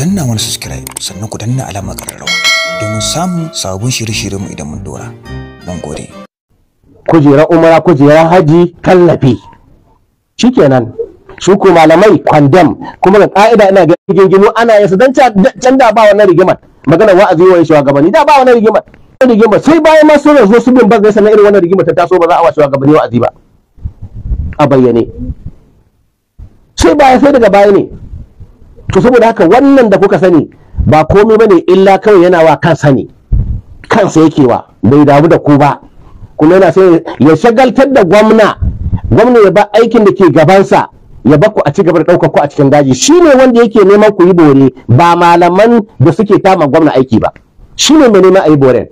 danna wani subscribe sannan ku danna alamar ƙararrawa domin samun sabon shirye-shiryenmu idan mun dora. Mun gode. Kujera umara kujera haji tallafi. Shikenan su ko malamai kwandam kuma ga ka'ida ina ga rigingimu ana yasa dan can da ba wannan rigimar magana wa'azi wa shugabanni da ba wannan rigimar rigima. sai bayan ma sun zo su bin ba sai na irin wannan rigimar ta taso ba za a wa shugabanni wa'azi ba a bayyane sai baya sai daga baya ne to saboda haka wannan da kuka sani ba komai bane illa kawai yana wa kansa ne kansa yake wa bai damu da ku ba kuma yana sai ya shagaltar da gwamna gwamna ya ba aikin da ke gabansa ya ba ku a ci gaba da ɗaukar ku a cikin daji shi ne wanda yake neman ku yi bore ba malaman da suke tama gwamna aiki ba shi ne mai neman a yi boren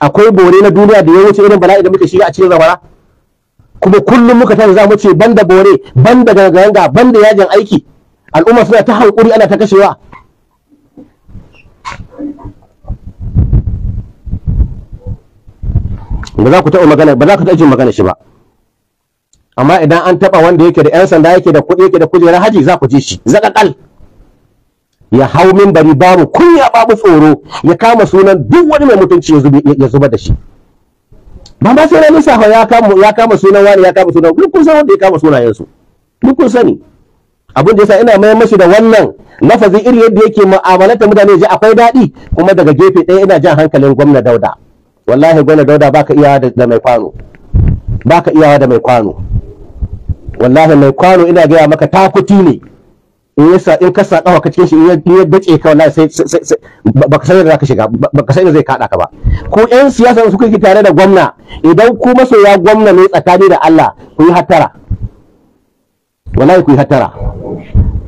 akwai bore na duniya da ya wuce irin bala'i da muke shiga a cikin zamara kuma kullum muka tashi za mu ce banda bore banda ganga banda yajin aiki al'umma suna ta hankuri ana ta kashewa ba za ku taɓa magana ba za ku taɓa jin magana shi ba amma idan an taɓa wanda yake da 'yan sanda yake da kuɗi yake da kujerar haji za ku ji shi zaƙaƙal ya hau mimbari babu kunya babu tsoro ya kama sunan duk wani mai mutunci ya zuba da shi ba ma sai na nisa ya kama sunan wani ya kama sunan duk kun san wanda ya kama sunayensu duk kun sani abin da yasa ina mayar mashi da wannan lafazi iri yadda yake mu'amalata mutane ji akwai daɗi kuma daga gefe ɗaya ina jan hankalin gwamna dauda wallahi gwamna dauda baka iyawa da mai kwano baka iyawa da mai kwano wallahi mai kwano ina gaya maka takuti ne in yasa in ka saka ka cikin shi in ya dace ka wallahi sai baka san da zaka shiga baka san da zai kada ka ba ko yan siyasa su kuke tare da gwamna idan ku masoya gwamna ne tsakani da Allah ku yi hattara wallahi ku yi hattara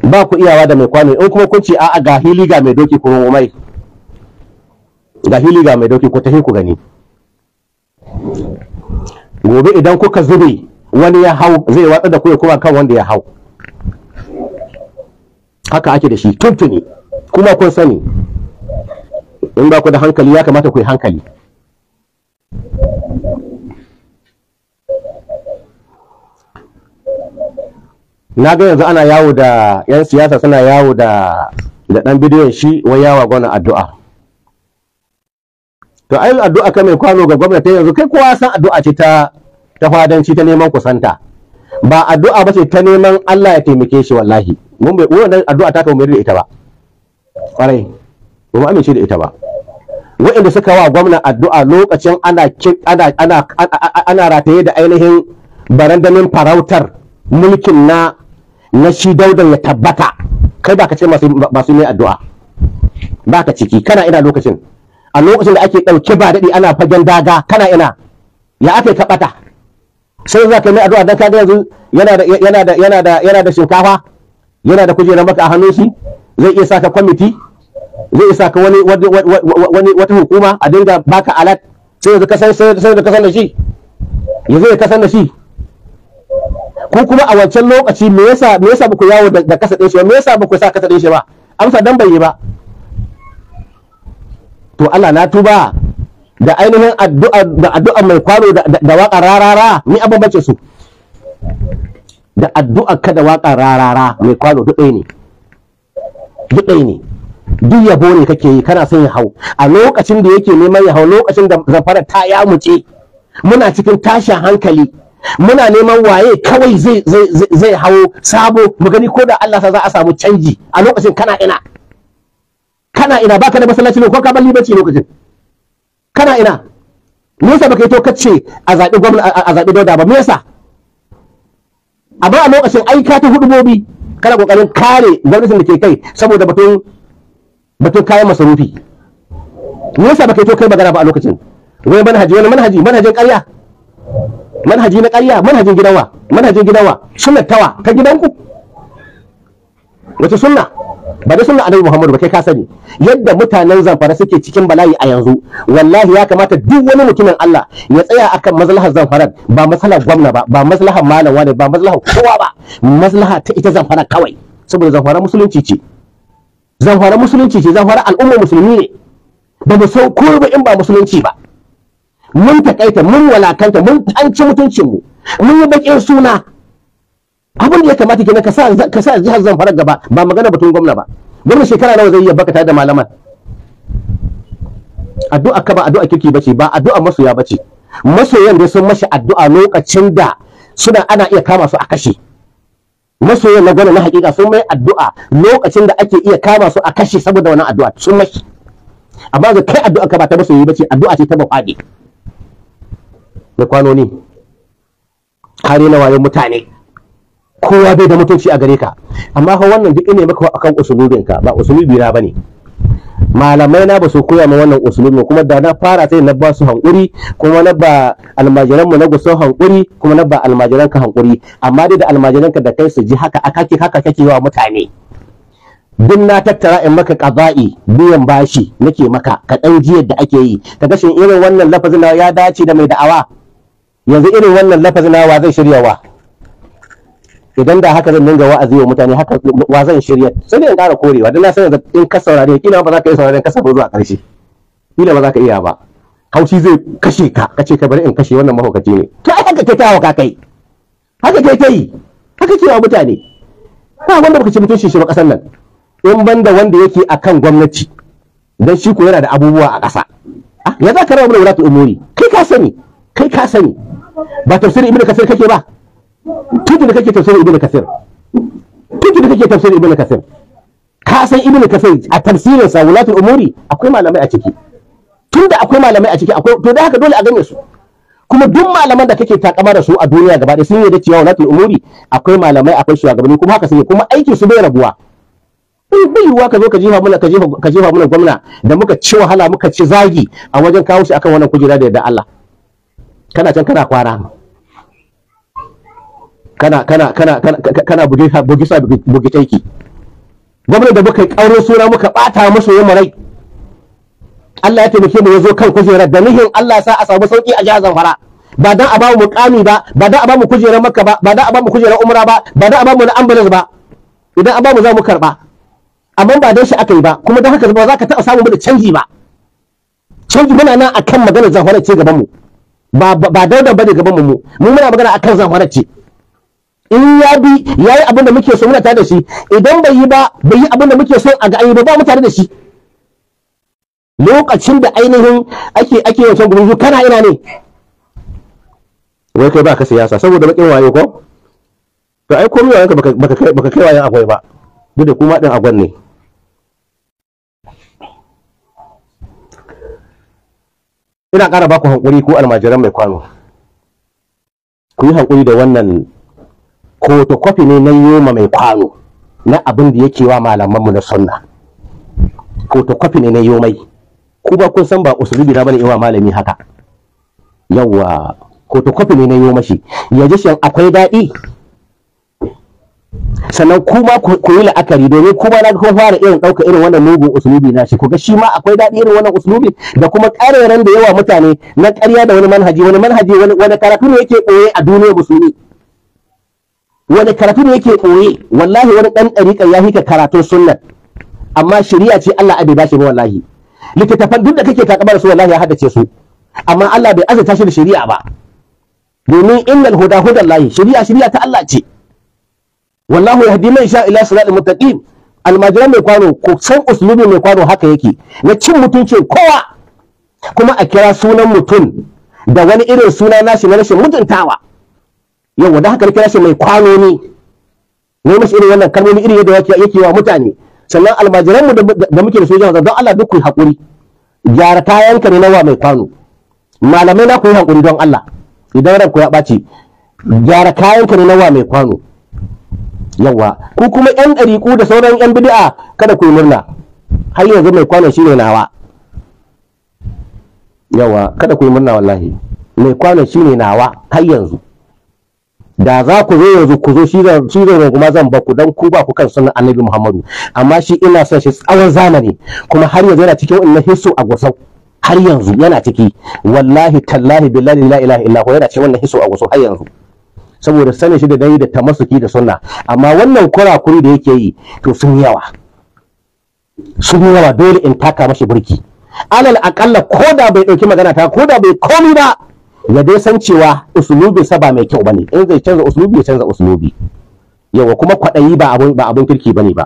ba ku iyawa da mai kwano in kuma kun ce a'a ga hili ga mai doki ku mai ga hili ga mai doki ko tafi ku gani gobe idan kuka zube wani ya hau zai watsa da ku ya kuma kan wanda ya hau haka ake da shi tuntuni kuma kun sani in ba ku da hankali ya kamata ku yi hankali na ga yanzu ana yawo da yan siyasa suna yawo da da dan bidiyon shi wai yawa gwana addu'a to ai addu'a ka mai kwano ga gwamnati yanzu kai kowa san addu'a ce ta ta fadanci ta neman kusanta ba addu'a ba ce ta neman Allah ya taimake shi wallahi mun bai wannan addu'a ta kawo da ita ba kwarai ba mu amince da ita ba wa'inda suka wa gwamna addu'a lokacin ana ana ana ana rataye da ainihin barandamin farautar mulkin na na shi daudan ya tabbata kai ba ka ce masu mai addu'a ba ka ciki kana ina lokacin a lokacin da ake ɗauke ba daɗi ana fagen daga kana ina ya ake kaɓata sai za ka mai addu'a don kaga yanzu yana da shinkafa yana da kujerar maka a hannun shi zai iya saka kwamiti zai isa ka wani wata hukuma a dinga baka alat sai yanzu ka san da shi yanzu ya kasan da shi ko kuma a wancan lokaci me yasa me yasa baku yawo da kasa ɗin shi me yasa baku sa kasa ɗin shi ba amsa dan bai yi ba to Allah na tuba da ainihin addu'a da addu'a mai kwano da waka rarara ni abin bace su da addu'a ka da waka rarara mai kwano duk ɗaya ne duk ɗaya ne duk yabo ne kake yi kana son ya hau a lokacin da yake neman ya hau lokacin da zafara ta ya muce muna cikin tashin hankali muna neman waye kawai zai zai zai hawo sabo mu gani ko da Allah sa za a samu canji a lokacin kana ina kana ina baka da masallaci ne ko ka balli bace lokacin kana ina me yasa baka yi to kace a zabi gwamnati a zabi dauda ba me yasa amma a lokacin aika ta hudubobi kana kokarin kare gwamnatin da ke kai saboda batun batun kayan masarufi me yasa baka yi to kai magana ba a lokacin wai manhaji wani manhaji manhajin ƙarya manhaji na ƙarya manhajin gidanwa manhajin gidanwa suna tawa ta gidanku wace sunna ba da sunna annabi Muhammadu ba kai ka sani yadda mutanen zamfara suke cikin bala'i a yanzu wallahi ya kamata duk wani mutumin Allah ya tsaya akan maslahar zamfaran ba maslahar gwamna ba ba maslahar malam wani ba maslahar kowa ba maslaha ta ita zamfara kawai saboda zamfara musulunci ce zamfara musulunci ce zamfara al'ummar musulmi ne ba mu sau ko ba in ba musulunci ba mun takaita mun walakanta mun an ci mutuncin mu mun yi bakin suna abin da ya kamata kenan ka sa ka sa jihar Zamfara gaba ba magana batun gwamna ba gwamna shekara nawa zai yi baka tare da malaman addu'a ka ba addu'a kike bace ba addu'a masoya bace masoyan da sun mashi addu'a lokacin da suna ana iya kama su a kashe masoyan na gwamna na hakika sun mai addu'a lokacin da ake iya kama su a kashe saboda wannan addu'a sun mashi amma ga kai addu'a ka ba ta masoyi bace addu'a ce ta bafade da kwanoni har yana wayo mutane kowa bai da mutunci a gare ka amma fa wannan duk ne maka akan usulubin ka ba usulubi na bane malamai na ba su koya ma wannan usulubi kuma da na fara sai na ba su hankuri kuma na ba almajiran mu na gusa hankuri kuma na ba almajiran ka hankuri amma dai da almajiran ka da kai su ji haka akaki haka kake wa mutane duk na tattara in maka ƙaza'i biyan bashi nake maka ka dan jiyar da ake yi ka gashin irin wannan lafazin ya dace da mai da'awa yanzu irin wannan lafazin wa zai shirya wa idan da haka zan dinga wa'azi wa mutane haka wa zan shirya sai dai in ƙara korewa dan na san yanzu in ka saurare kila ba za ka iya saurare ka sabo zuwa ƙarshe kila ba za ka iya ba haushi zai kashe ka kace ka bari in kashe wannan mahaukaci ne to ai haka kai tawa hauka kai haka kai kai haka ke wa mutane ba wanda baka ci mutunci shi ba ƙasar nan in banda wanda yake akan gwamnati dan shi ko yana da abubuwa a ƙasa ah, ya za ka rawa mana wadatul umuri kai ka sani kai ka sani ba tafsirin ibnu kasir kake ba tudu da kake tafsirin ibnu kasir tudu da kake tafsirin ibnu kasir ka san ibnu kasir a tafsirin sa wulatul umuri akwai malamai a ciki tunda akwai malamai a ciki akwai to da haka dole a gane su kuma duk malaman da kake takama da su a duniya gaba ɗaya sun da cewa wulatul umuri akwai malamai akwai shugabanni kuma haka sai kuma aikin su bai rabuwa bai yiwuwa ka zo ka jefa mana ka jefa mana gwamna da muka ci wahala muka ci zagi a wajen kawo shi akan wannan kujera da yadda Allah kana can kana kwana kana kana kana kana buge buge sa buge taiki gwamnati da muka karo suna muka bata musu yamma rai Allah ya taimake mu yazo kan kujerar da nihin Allah sa a samu sauki a jihar Zamfara ba dan a bamu mukami ba ba dan a bamu kujerar Makka ba ba dan a bamu kujerar Umra ba ba dan a bamu na ambulance ba idan ba mu za mu karba amma ba dan shi aka yi ba kuma dan haka ba za ka taɓa samu mu da canji ba canji muna nan akan maganar Zamfara ce gaban mu ba ba ne gaban mu mu muna magana akan zamanar ce in ya bi ya abin da muke so muna tare da shi idan bai yi ba bai yi abin da muke so a ga ayi ba ba mu tare da shi lokacin da ainihin ake ake wancan gurbi kana ina ne wai kai ba ka siyasa saboda bakin waye ko to ai komai waye ka baka kai waye akwai ba duk da kuma din agwan ne ina ƙara baku hankuri ko almajiran mai kwano ku yi hankuri da wannan kotokofi ne na yoma mai kwano na abin da yake wa malamanmu na sunna kotokofi ne na yomai ku ba kun san ba usulubi na bane yawa malami haka yawwa kotokofi ne na yomashi yaji shi akwai daɗi sannan kuma ku yi la'akari domin kuma na kuma fara irin ɗauka irin wannan mugun usulubi na shi kuga shi ma akwai daɗi irin wannan usulubi da kuma ƙareren da yawa mutane na ƙarya da wani manhaji wani manhaji wani karatu ne yake ɓoye a duniya musulmi wani karatu ne yake ɓoye wallahi wani ɗan ɗariƙar ya hika karatun sunnan amma shari'a ce Allah ba bashi ba wallahi littattafan duk da kake takabar su wallahi ya haddace su amma Allah bai azurta shi da shari'a ba domin innal huda hudallahi shari'a shari'a ta Allah ce wallahu yahdi man sha ila siratal muttaqin almajiran mai kwano ko san uslubi mai kwano haka yake na cin mutuncin kowa kuma a kira sunan mutum da wani irin suna nashi na rashin mutuntawa yau da haka kira shi mai kwano ne ne mashi irin wannan kalmomi irin yadda yake wa mutane sannan almajiranmu da muke da su jama'a don Allah duk ku haƙuri gyara kayanka ne nawa mai kwano malamai na ku yi hakuri don Allah idan ranku ya ɓaci gyara kayanka ne nawa mai kwano yawa ku kuma yan ɗariƙu da sauran yan bid'a kada ku yi murna har yanzu mai kwano shine nawa yawa kada ku yi murna wallahi mai kwano shine nawa har yanzu da za ku zo yanzu ku zo shi zan kuma zan ba ku dan ku ba ku kan sunan annabi muhammadu amma shi ina son shi tsawon zamani kuma har yanzu yana cikin wannan hisu a gusau har yanzu yana ciki wallahi tallahi billahi la ilaha illa yana cikin wannan hisu a gusau har yanzu saboda sanin shi da gani da tamasuki da sunna amma wannan kurakuri da yake yi to sun yawa sun yawa dole in taka mashi burki alal akalla ko da bai ɗauki magana ta ko da bai komi ba ya dai san cewa uslubi sa ba mai kyau bane in zai canza uslubi ya canza uslubi yawa kuma kwaɗayi ba abun ba abun kirki bane ba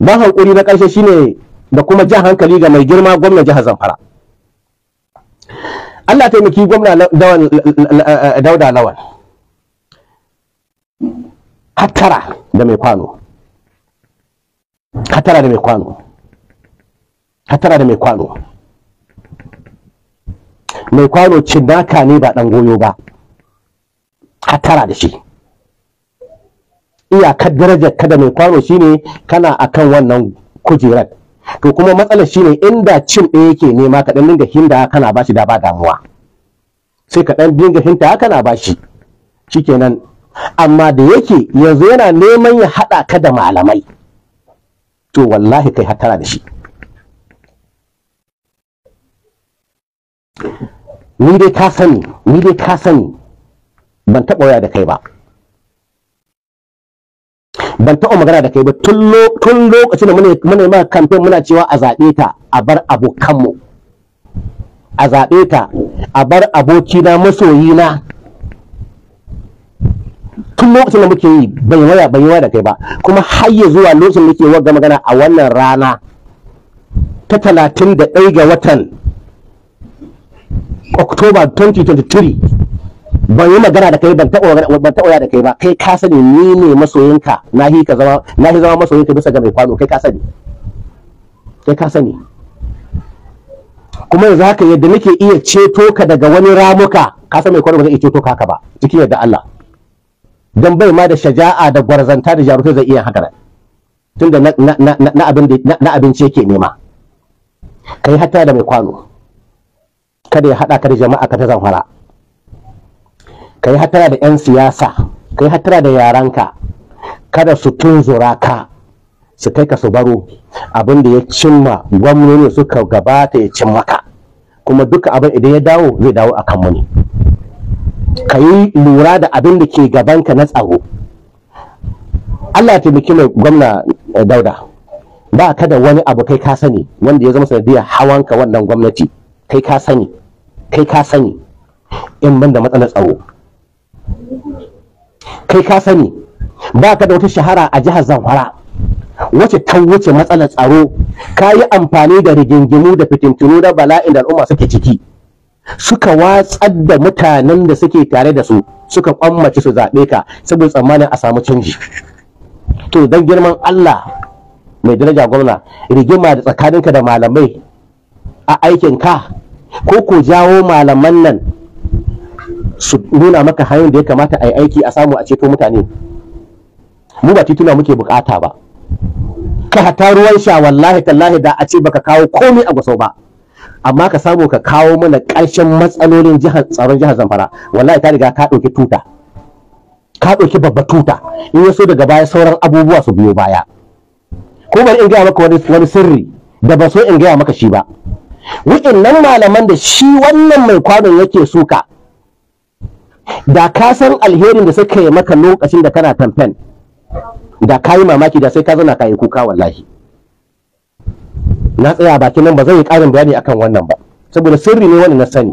ba hankuri na karshe shine da kuma jan hankali ga mai girma gwamnan jihar Zamfara Allah taimaki gwamna dauda lawal hattara da mai kwano hattara da mai kwano hattara da mai kwano mai kwano cinnaka ne ba dan goyo ba hattara da shi iyakar darajar kada mai kwano shine kana akan wannan kujerar to kuma matsalar shine inda cin ɗaya yake nema ka ɗan dinga hinda kana bashi da ba damuwa sai ka ɗan dinga hinta kana bashi shi shikenan amma da yake yanzu yana neman ya haɗa ka da malamai to wallahi kai hatara da shi ni dai ka sani ni dai ka sani ban taɓa waya da kai ba ban taɓa magana da kai ba tun lokacin da muna yi maka kamfen muna cewa a zaɓe ta a bar abokanmu a zaɓe ta a bar abokina masoyina tun lokacin da muke yi bai waya bai waya da kai ba kuma har ya zuwa lokacin da muke wagga magana a wannan rana ta talatin da ɗaya ga watan Oktoba 2023 ban yi magana da kai ban taɓa ban taɓa da kai ba kai ka sani ni ne masoyinka na hi ka zama na zama masoyinka bisa ga mai kwano kai ka sani kai ka sani kuma yanzu haka yadda nake iya ceto ka daga wani ramuka ka san mai kwano ba zai iya ceto ka haka ba cikin yadda Allah dan bai ma da shaja'a da gwarzanta da jarumta zai iya haka tunda na na na abin na abinci yake nema kai hatta da mai kwano kada ya hada ka da jama'a ka ta zanfara ka yi hatara da 'yan siyasa ka yi hatara da yaranka kada su tunzura ka su kai ka su baro abin da ya cimma gwamnoni suka gabata ya cimma ka. kuma duka abin idan ya dawo zai dawo a kan muni. ka yi lura da abin da ke gabanka na tsaro Allah taimaki mai gwamna eh, dauda ba ka da wani abu kai ka sani wanda ya zama sanadiyar hawanka wannan gwamnati kai ka sani kai ka sani in ban da matsalar tsaro kai ka sani ba ka da wata shahara a jihar zamfara Wace ta wuce matsalar tsaro ka yi amfani da rigingimu da fitintunu da bala'in da al'umma suke ciki suka watsar da mutanen da suke tare da su suka kwammace su zaɓe ka saboda tsammanin a samu canji to don girman Allah mai daraja gwamna rigima da tsakaninka da malamai a aikin ka ko ko jawo malaman nan su nuna maka hanyar da ya kamata a yi aiki a samu a ceto mutane mu ba tituna muke bukata ba ka hata ruwan sha wallahi tallahi da a ce baka kawo komai a gwaso ba amma ka samu ka kawo mana ƙarshen matsalolin jihar tsaron jihar zamfara wallahi ta riga ka ɗauki tuta ka ɗauki babba tuta in yaso so daga baya sauran abubuwa su biyo baya ko bari in gaya maka wani sirri da ba so in gaya maka shi ba wa'innan malaman da shi wannan mai kwanon yake suka da ka san alherin da suka yi maka lokacin da kana tamfen, da ka yi mamaki da sai ka zana ka yi kuka wallahi na tsaya bakin nan ba zai yi karin bayani akan wannan ba saboda sirri ne wani na sani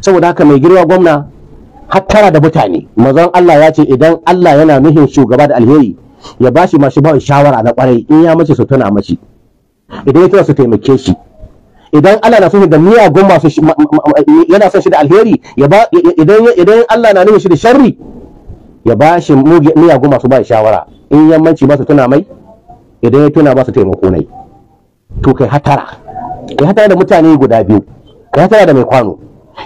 saboda haka mai girma gwamna hattara da mutane mazan Allah ya ce idan Allah yana nuhin shugaba da alheri ya bashi mashi ba shawara na kwarai in ya mace su tuna mashi idan ya tuna su taimake shi idan Allah na so da miyagun masu yana son shi da alheri idan Allah na nufin shi da sharri ya ba shi miyagun masu ba shawara in yammanci ba su tuna mai idan ya tuna ba su taimako nai to kai hatara kai hatara da mutane guda biyu kai hatara da mai kwano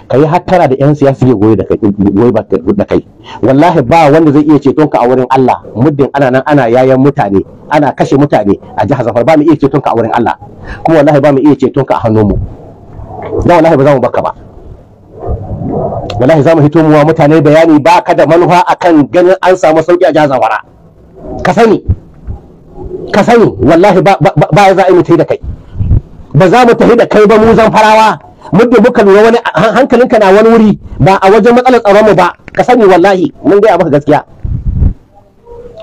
ka yi hattara da 'yan siyasa ke goyi da kai wallahi ba wanda zai iya ceton ka a wurin Allah muddin ana nan ana yayan mutane ana kashe mutane a jihar Zafar ba mu iya ceton ka a wurin Allah kuma wallahi ba mu iya ceton ka a hannun mu dan wallahi ba za mu baka ba wallahi za mu hito muwa mutane bayani ba ka da manufa akan ganin an samu sauki a jihar Zamfara ka sani ka sani wallahi ba za a yi mutai da kai ba za mu tafi da kai ba mu zan farawa muddin muka lura wani hankalinka na wani wuri ba a wajen matsalar tsaron mu ba ka sani wallahi mun gaya maka gaskiya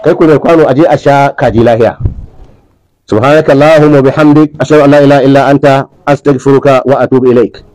kai ku mai kwano aje a sha kaji lahiya subhanakallahumma bihamdik ashhadu an la ilaha illa anta astaghfiruka wa atubu ilaik